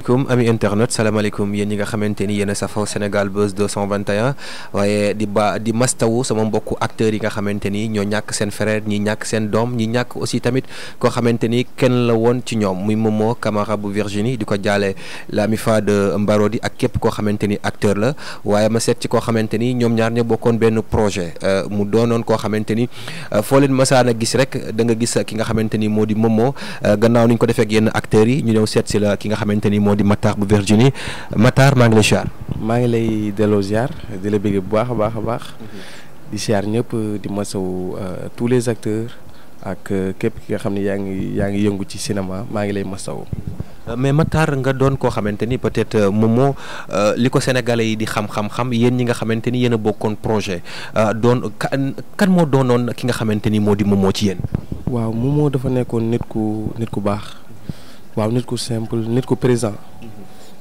kum ami internet salaamaaleykum yéen ñi nga xamante ni yéen a safoo Sénégal Buzz waaye di mastawu sama mbokku acteurs yi nga xamante ni ñoo ñàkk seen frère ñi ñàkk seen doom ñi ñàkk aussi tamit koo xamante ni kenn la woon ci ñoom muy Momo Camara bu Virginie di ko jaale l'ami fa de Mbarodi ak képp koo xamante ni acteur la waaye ma seet ci koo xamante ni ñoom ñaar ñoo bokkoon benn projet euh, mu doonoon koo xamante ni euh, foo leen masaan a gis rek da nga gis ki nga ni moo di Momo euh, gannaaw ni ñu ko defee ak yenn moo di Matar bu Virginie Matar maa ngi lay ziar. maa ngi lay delloo ziar di la bëgg bu baax a baax a baax. Mm-hmm. di ziar ñëpp di masawu euh, tous les acteurs ak euh, képp ki nga xam ne yaa ngi yaa ngi yëngu ci cinéma maa ngi lay masawu. Euh, mais Matar nga doon koo xamante ni peut-être moom moo li ko sénégalais yi di xam-xam-xam yéen ñi nga xamante ni yéen a bokkoon projet doon kan kan moo doonoon ki nga xamante ni moo di moom moo ci yéen. waaw moom dafa nekkoon nit ku nit ku baax. waaw nit ku simple nit ku présent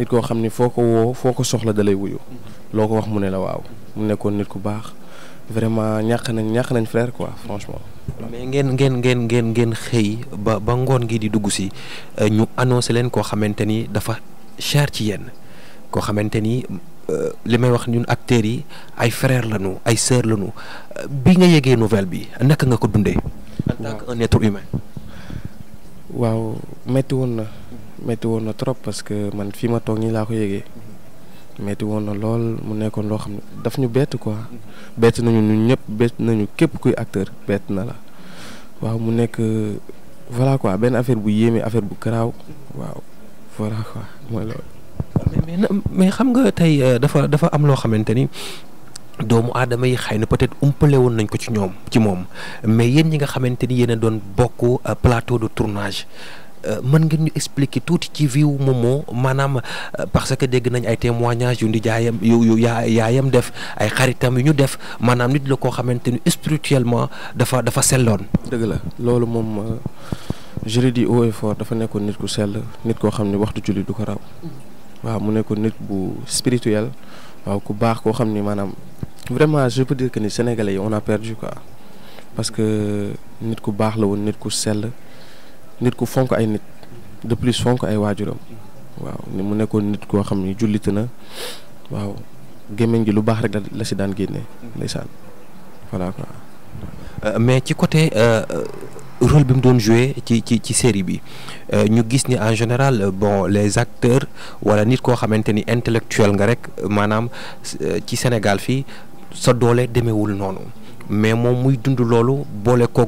nit koo xam ni foo ko woo foo ko soxla dalay wuyu loo ko wax mu ne la waaw mu nekkoon nit ku baax vraiment ñàkk nañ ñàkk nañ frère quoi franchement. mais ngeen ngeen ngeen ngeen ngeen xëy ba ba ngoon gi di dugg si euh, ñu annoncé leen koo xamante ni dafa cher ci yenn koo xamante ni euh, li may wax ñun acteurs yi ay frère lañu ay sœur lañu euh, bi nga yëgee nouvelle bi naka nga ko dundee. en tant qu'un waaw métti woon na métti woon na trop parce que man fii ma toog nii laa ko yëgee métti woon na lool mu nekkoon loo xam ne daf ñu bett quoi bett nañu ñun ñëpp bett nañu képp kuy acteur bett na la waaw mu nekk voilà quoi benn affaire bu yéemee affaire bu garaaw waaw voilà quoi mooy loolu. mais xam nga tey euh, dafa dafa am loo xamante ni. doomu aadama yi xëy na peut-être umpale woon nañ ko ci ñoom ci moom mais yéen ñi nga xamante ni yéen doon bokk euh, plateau de tournage euh, mën ngeen ñu expliquer tuuti ci viwu Momo maanaam euh, parce que dégg nañ ay témoignages yu ndi jaayam yu yu yaayam def ay xaritam yu ñu def maanaam nit la koo xamante ni spirituellement dafa dafa selloon. dëgg la loolu moom je le dis haut dafa nekkoon nit ku sell nit koo xam ne waxtu julli du ko raw. waaw mu nekkoon nit bu spirituel waaw ku baax koo xam ni maanaam vraiment je peux dire que ni sénégalais yi on a perdu quoi parce que nit ku baax la woon nit ku sell nit ku fonk ay nit de plus fonk ay waajuram waaw ni mu nekkoon nit koo xam ni jullit na waaw gémmiñ gi lu baax rek la si daan génnee ndeysaan voilà quoi. Euh, mais ci côté euh, rôle bi mu doon joué ci ci ci série bi euh, ñu gis ni en général euh, bon les acteurs wala nit koo xamante ni intellectuel nga rek euh, maanaam ci Sénégal fii sa doole demeewul noonu mais moom muy dund loolu boole ko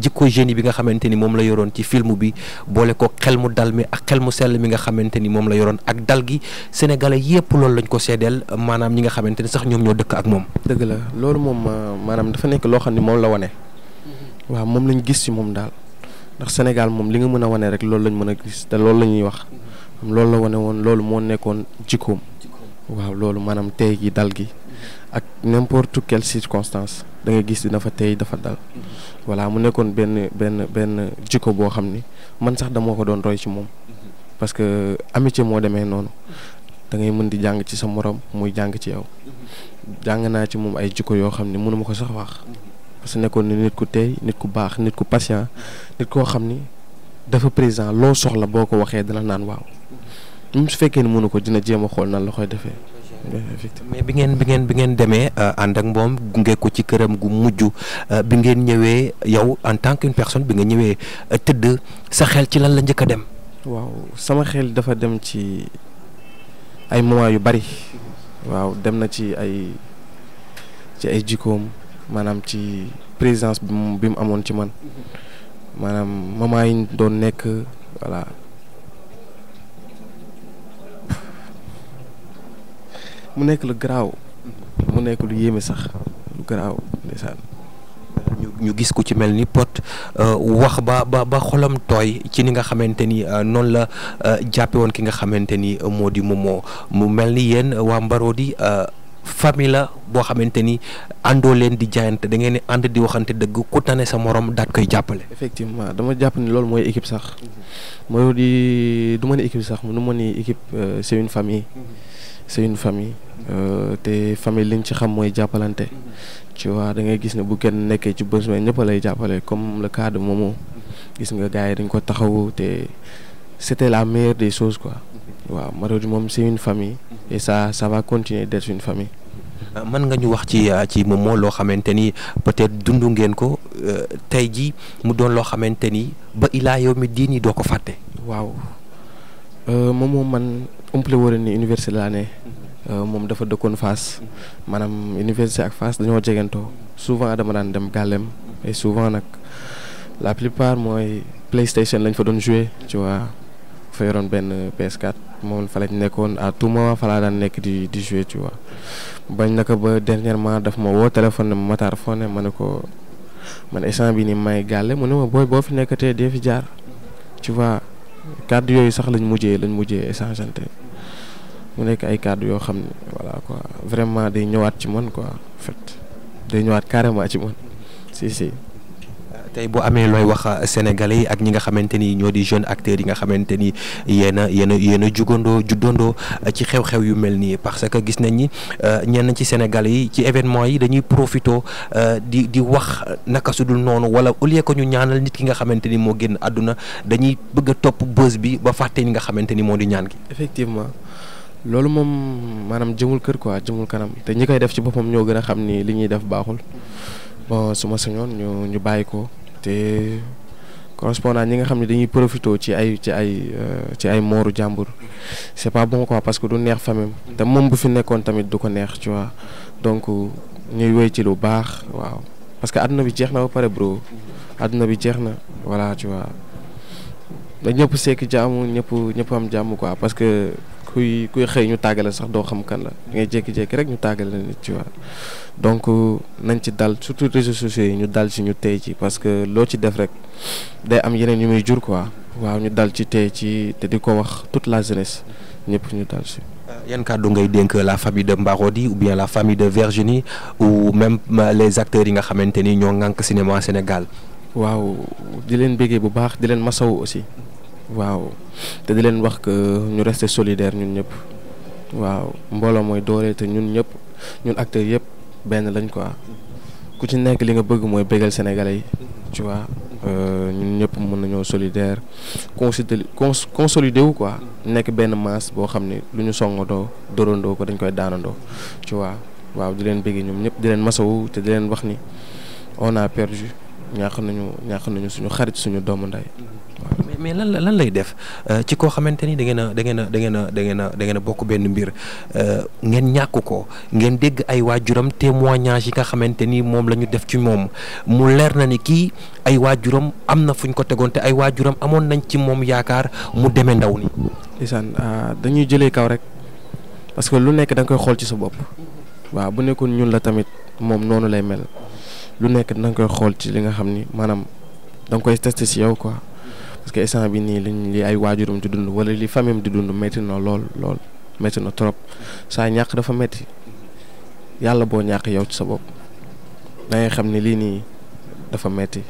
jikko génie bi nga xamante ni moom la yoroon ci film bi boole ko xel mu dal mi ak xel mu sell mi nga xamante ni moom la yoroon ak dal gi sénégalais yépp loolu lañ ko seedeel maanaam ñi nga xamante ni sax ñoom ñoo dëkk ak moom. dëgg la loolu moom maanaam dafa nekk loo xam ni moom la wane. waaw moom lañ gis ci moom daal ndax Sénégal moom li nga mën a wane rek loolu lañ mën a gis te loolu la ñuy wax loolu la wane woon loolu moo nekkoon jikkoom waaw loolu maanaam tey gi dal gi ak n'importe quelle circonstance dangay nga gis dina fa tey dafa dal voilà mu nekkoon benn benn benn jikko boo xam ni man sax dama ko doon roy ci moom parce que amitié moo demee noonu da ngay mën di jàng ci sa morom muy jàng ci yow jàng naa ci moom ay jikko yoo xam ni mënuma ko sax wax parce que nekkoon na nit ku tey nit ku baax nit ku patient nit koo xam ni dafa présent loo soxla boo ko waxee dana naan waaw même su fekkee ni mënu ko dina jéem a xool nan loxoy koy defee. mais bi ngeen bi ngeen bi ngeen demee euh, ànd ak mboom gunge ko ci këram gu mujj euh, bi ngeen ñëwee yow en tant qu'une personne bi nga ñëwee euh, tëdd sa xel ci lan la njëkk a dem. waaw sama xel dafa dem ci ay moments yu bari. waaw dem na ci ay ci ay jikkoom. maanaam ci présidence bi mu bi mu amoon ci man maanaam moment yi doon nekk voilà. mu nekk lu garaaw. mu nekk lu yéeme sax lu garaaw ñu gis ku ci mel ni pot euh, wax ba ba xolam tooy ci ni nga xamante ni euh, noonu la euh, jàppe woon ki nga xamante ni moo di moom moo mu mel ni yéen waa di famille la boo xamante ni àndoo leen di jaayante da ngeen di ànd di waxante dëgg ku tane sa morom daat koy jàppale. effectivement dama jàpp ni loolu mooy équipe sax mhm. mooy di du ma ni équipe sax nu ma ni équipe euh, c'est une famille. Mhm. c'est une famille euh, te famille li nga ci xam mooy jàppalante. Mhm. tu vois da ngay gis ne bu kenn nekkee ci besoin ñëpp lay jàppale comme le cas de Momo. gis nga gars yi dañ ko taxawu te c'était la meilleure des choses quoi. waaw Marodi moom c'est une famille mm-hmm. et ça ça va continuer d'être une famille. Euh, man nga ñu wax ci euh, ci moom moo loo xamante ni peut-être dundu ngeen ko euh, tey ji mu doon loo xamante ni ba ilaa yow mi diin yi doo ko fàtte. waaw moom moom man umpale wóor ni université laa ne mm-hmm. moom dafa dëkkoon Fass mm-hmm. maanaam université ak Fass dañoo jegantoo souvent dama daan dem gàllem et souvent nag la plupart mooy PlayStation lañ fa doon jouer tu vois fa yoroon benn PS4. moom fa lañ nekkoon à tout moment fa laa nekk di di jouer tu vois bañ na ko ba dernièrement daf ma woo téléphone ne ma Matar foo ne ma ne ko man échange bi ni may gàlle mu ne ma booy boo fi nekkatee dee fi jaar tu vois kàddu yooyu sax lañ mujjee lañ mujjee échange ante mu nekk ay kàddu yoo xam ne voilà ko vraiment day ñëwaat ci man quoi en day ñëwaat carrément ci man si tey boo amee looy wax euh, sénégalais yi ak ñi nga xamante ni ñoo di jeune acteurs yi nga xamante ni yéen a yéen yéen a jugandoo juddandoo euh, ci xew-xew yu mel nii parce que gis nañ ni euh, ñenn ci sénégalais yi ci événement yi dañuy profito di di wax naka sudul noonu wala au que ñu ñaanal nit ki nga xamante ni moo génn àdduna dañuy bëgg a topp bës bi ba fàtte ñi nga xamante ni moo di ñaan gi. effectivement loolu moom maanaam jëmul kër quoi jëmul kanam te ñi koy def ci boppam ñoo gën a xam ni li ñuy def baaxul bon su ma ñu bàyyi ko. te correspondant ñi nga xam ne dañuy profité ci ay ci ay euh, ci ay mooru jàmbur c'est pas bon quoi parce que du neex famille te moom bu fi nekkoon tamit du ko neex ci vois donc ñuy wéy ci lu baax waaw parce que àdduna bi jeex na ba pare bro àdduna bi jeex na voilà tu vois da ñëpp sekk jàmm ñëpp am jàmm quoi parce que kuy kuy xëy ñu tàggale sax doo xam kan la da ngay rek ñu tàggale nit ci waa donc nañ ci dal surtout réseaux sociaux yi ñu dal ci ñu tey ci parce que loo ci def rek day am yeneen yu muy jur quoi waaw ñu dal ci tey ci te di ko wax toute la jeunesse ñëpp ñu dal euh, yan kàddu ngay dénk la famille de Mbarodi ou bien la famille de Virginie ou même euh, les acteurs yi nga xamante ni ñoo ŋànk cinéma Sénégal. waaw di leen bëggee bu baax di leen masawu aussi. waaw te di leen wax que ñu rester solidaire ñun ñëpp waaw mbooloo mooy doolee te ñun ñëpp ñun acteurs yëpp benn lañ quoi ku ci nekk li nga bëgg mooy bégal sénégalais yi tu vois euh, ñun ñëpp mën nañoo solidaire considé consolider wu quoi nekk benn masse boo xam ni lu ñu songandoo dorandoo ko dañ koy daanandoo tu waaw di leen bëggee ñoom ñëpp di leen masowu te di leen wax ni on a perdu ñàkk nañu ñàkk nañu suñu xarit suñu doomu ndey mais lan la lan lay def euh, ci koo xamante ni da ngeen a da ngeen a da ngeen a da bokk benn mbir euh, ngeen ñàkk ko ngeen dégg ay waajuram témoignage yi nga xamante ni moom la ñu def ci moom mu leer na ni kii ay waajuram am na fu ñu ko tegoon te ay waajuram amoon nañ ci moom yaakaar mu demee ndaw ni ndeysaan euh, dañuy jëlee kaw rek parce que lu nekk da nga koy xool ci sa bopp waaw bu nekkoon ñun la tamit moom noonu lay mel lu nekk da koy xool ci li nga xam ni maanaam da koy testé si yow quoi. parce que instant bi nii liñ li ay waajuram di dund wala li famille di dund métti na lool lool métti na trop saa ñàkk dafa metti yàlla boo ñàkk yow ci sa bopp da xam ne lii nii dafa métti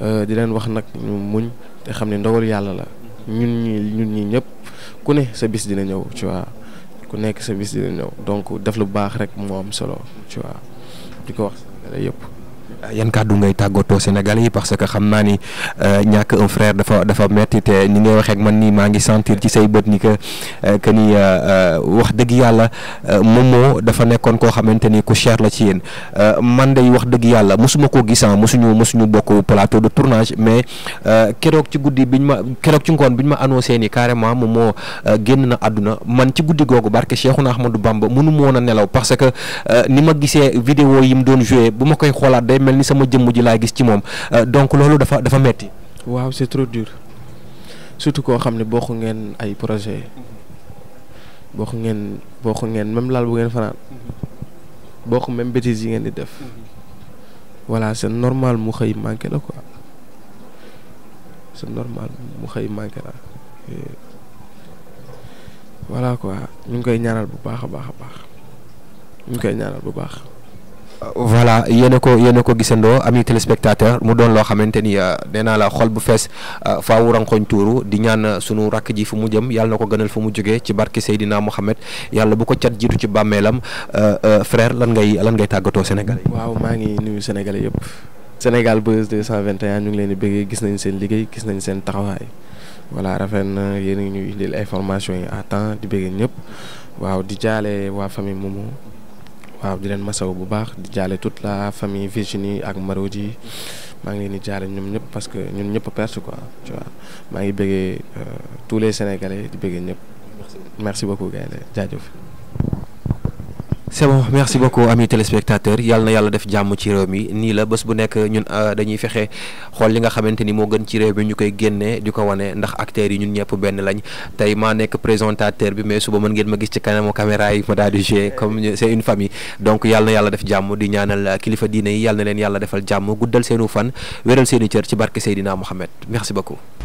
euh, di leen wax nag ñu muñ te xam ne ndogal yàlla la ñun ñi ñun ñi ñëpp ku ne sa bis dina ñëw tu vois ku nekk sa bis dina ñëw donc def lu baax rek moo am solo tu vois di ko wax yëpp. yan kàddu ngay tàggatoo Sénégalais yi parce que xam naa ni euh, ñàkk un frère dafa dafa metti te ni ngay waxee ak man nii maa ngi sentir ci say bët ni que euh, que euh, wax dëgg yàlla Momo dafa nekkoon koo xamante ni ku cher la ci yéen man day wax dëgg yàlla mosuma ko gisaan ah, mosuñu mosuñu bokk plateau de tournage mais keroog ci guddi bi ñu ma keroog ci ngoon ñu ma annoncé ni carrément Momo génn na àdduna man ci guddi googu barke Cheikhouna Ahmadou Bamba mënu ma woon a nelaw parce que ni ma gisee vidéo yi mu doon joué bu ma koy xoolaat mel ni sama jëmm ji laa gis ci moom euh, donc loolu dafa dafa metti waaw c'est trop dur surtout koo xam ne bokk ngeen ay projet bokk ngeen bokk ngeen même laal bu ngeen fanaan ko même bêtises yi ngeen di def voilà c'est normal mu xëy manqué la quoi c'est normal mu xëy manqué la voilà quoi ñu ngi koy ñaanal bu baax a baax a baax ñu ngi koy ñaanal bu baax voilà yéen ko yéen a ko gisandoo ami téléspectateur mu doon loo xamante ni euh, nee naa la xol bu fees euh, faawu rankoñ tuuru di ñaan euh, sunu rakk ji fu mu jëm yàlla na ko gënal fu mu jógee ci barke Seydina Mohamed yàlla bu ko cat jiitu ci bàmmeelam frère lan ngay lan ngay tàggatoo Sénégalais yi. waaw maa ngi nuyu Sénégalais yëpp Sénégal Buzz 221 ñu ngi leen di bëggee gis nañ seen liggéey gis nañ seen taxawaay voilà rafet na yéen a ngi ñuy indil information yi à temps di bëggee ñëpp waaw di jaale waa famille waaw di leen masaw bu baax di jaale tout la famille Virginie ak Marodi maa ngi ni di ñoom ñëpp parce que ñun ñëpp a perte quoi tu maa ngi bëggee euh, tous les sénégalais di bëggee ñëpp. merci beaucoup gaynde jaajëf. c'est bon merci beaucoup amis téléspectateurs yàlla na yàlla def jàmm ci réew mi nii la bés bu nekk ñun euh, dañuy fexe xool li nga xamante ni moo gën ci réew mi ñu koy génnee di ko wane ndax acteurs yi ñun ñëpp benn lañ tey maa nekk présentateur bi mais suba mën ngeen ma gis ci kanamu caméra yi ma daal di jouer comme c'est une famille donc yàlla yàlla def jàmm di ñaanal kilifa diine yi yàlla leen yàlla defal jàmm guddal seenu fan wéral seeni cër ci barke Seydina Mohamed merci beaucoup